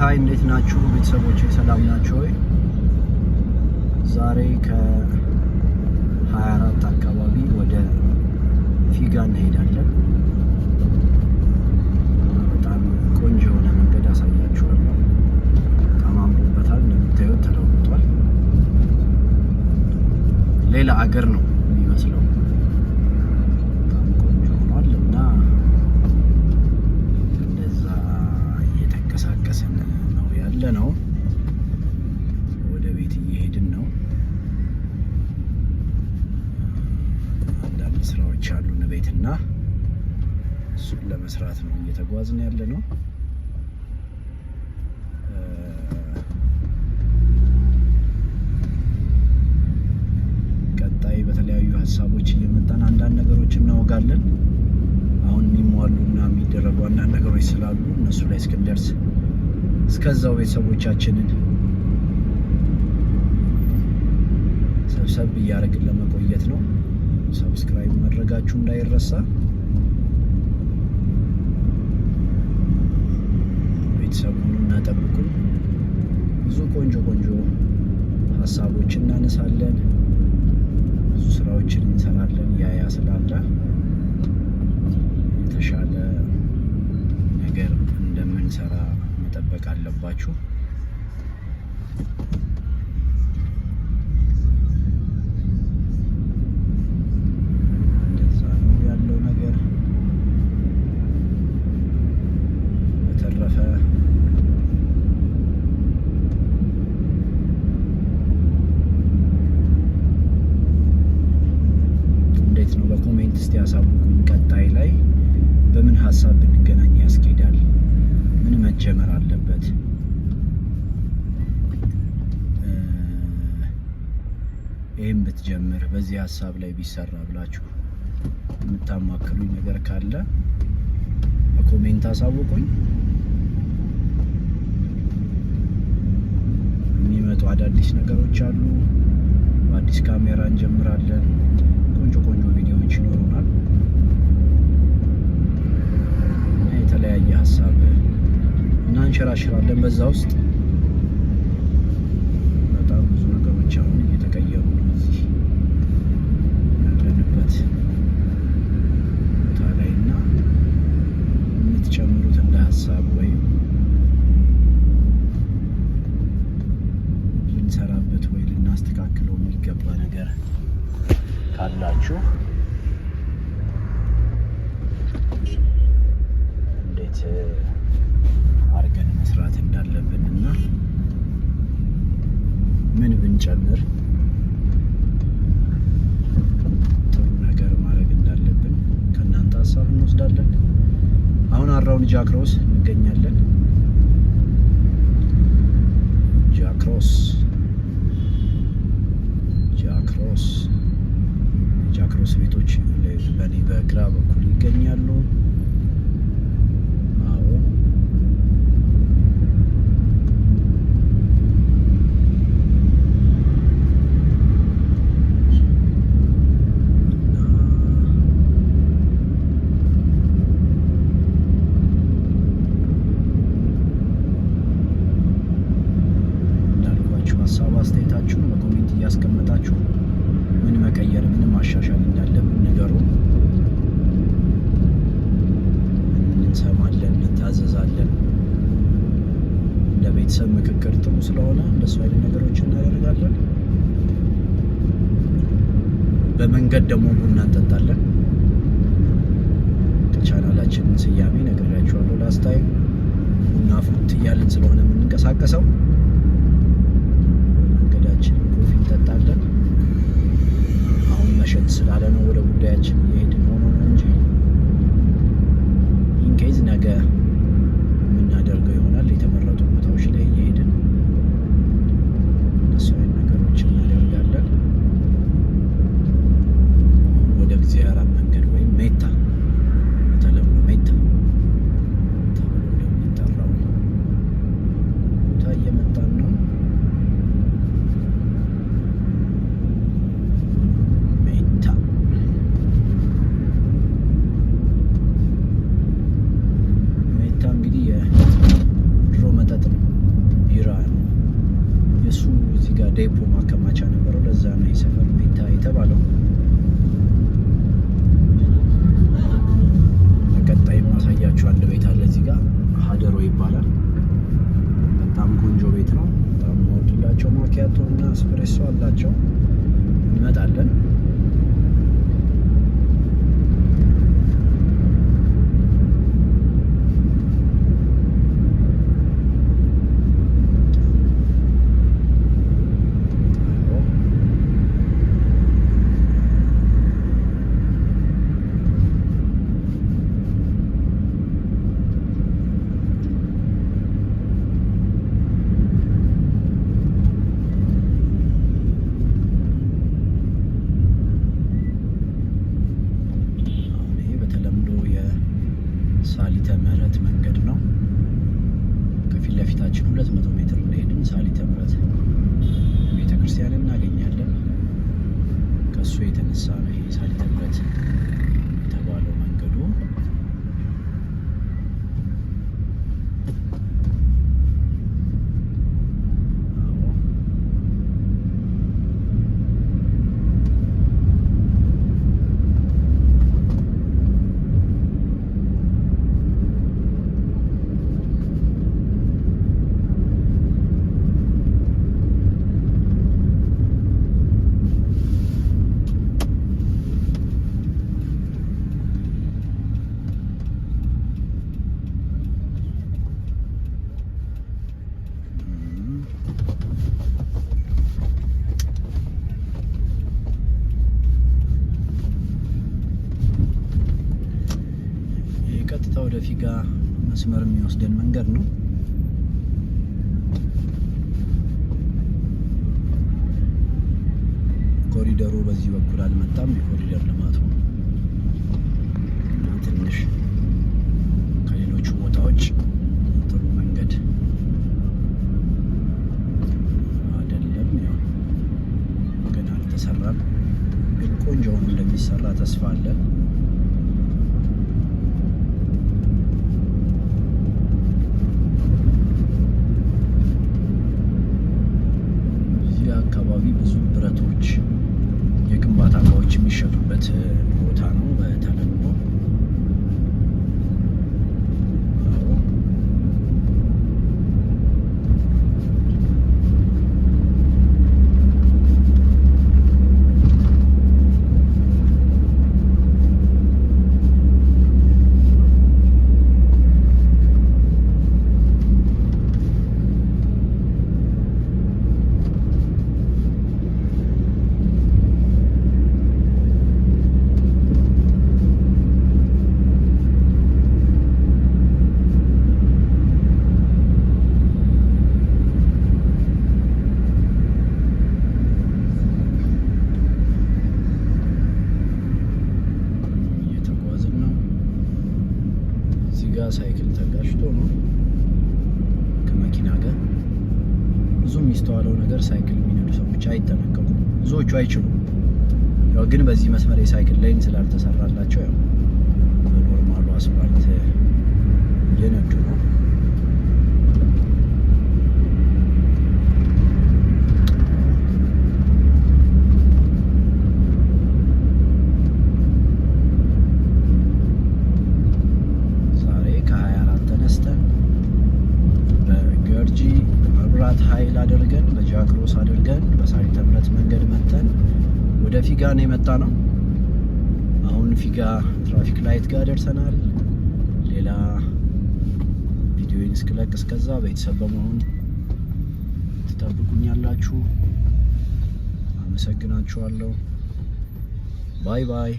ሀይ እንዴት ናችሁ ቤተሰቦች? ሰላም ናችሁ ወይ? ዛሬ ከ24 አካባቢ ወደ ፊጋ እንሄዳለን። እየተጓዝን ያለ ነው። ቀጣይ በተለያዩ ሀሳቦች እየመጣን አንዳንድ ነገሮች እናወጋለን። አሁን የሚሟሉና የሚደረጉ አንዳንድ ነገሮች ስላሉ እነሱ ላይ እስክንደርስ እስከዛው ቤተሰቦቻችንን ሰብሰብ እያደረግን ለመቆየት ነው። ሰብስክራይብ ማድረጋችሁ እንዳይረሳ። ቤተሰብ ሁኑና ብዙ ቆንጆ ቆንጆ ሀሳቦችን እናነሳለን፣ ብዙ ስራዎችን እንሰራለን። ያያ ስላለ የተሻለ ነገር እንደምንሰራ መጠበቅ አለባችሁ። ብትጀምር በዚህ ሀሳብ ላይ ቢሰራ ብላችሁ የምታማክሉኝ ነገር ካለ በኮሜንት አሳውቁኝ። የሚመጡ አዳዲስ ነገሮች አሉ። በአዲስ ካሜራ እንጀምራለን። ቆንጆ ቆንጆ ቪዲዮዎች ይኖሩናል። የተለያየ ሀሳብ እናንሸራሽራለን በዛ ውስጥ ነገር ካላችሁ እንዴት አድርገን መስራት እንዳለብን እና ምን ብንጨምር ጥሩ ነገር ማድረግ እንዳለብን ከእናንተ ሀሳብ እንወስዳለን። አሁን አራውን ጃክሮስ እንገኛለን። ጃክሮስ ጃክሮስ ቤቶች በግራ በኩል ይገኛሉ። ነገር ጥሩ ስለሆነ እንደሱ አይነት ነገሮች እናደርጋለን። በመንገድ ደግሞ ቡና እንጠጣለን። ቻናላችንን ስያሜ ነግሬያችኋለሁ። ላስታይም ቡና ፉት እያልን ስለሆነ የምንንቀሳቀሰው አላቸው So he's heading ፊጋ መስመር የሚወስደን መንገድ ነው። ኮሪደሩ በዚህ በኩል አልመጣም። የኮሪደር ልማቱ እና ትንሽ ከሌሎቹ ቦታዎች ጥሩ መንገድ አይደለም። ያው ግን አልተሰራም፣ ግን ቆንጆውን እንደሚሰራ ተስፋ አለን። should return የሚስተዋለው ነገር ሳይክል የሚነዱ ሰዎች አይጠነቀቁም፣ ብዙዎቹ አይችሉም። ያው ግን በዚህ መስመር የሳይክል ላይን ስላልተሰራላቸው ያው በኖርማሉ አስፋልት እየነዱ ነው። ፊጋ ነው የመጣ ነው። አሁን ፊጋ ትራፊክ ላይት ጋር ደርሰናል። ሌላ ቪዲዮን እስክለቅ እስከዛ ቤተሰብ በመሆን ትጠብቁኛላችሁ። አመሰግናችኋለሁ። ባይ ባይ።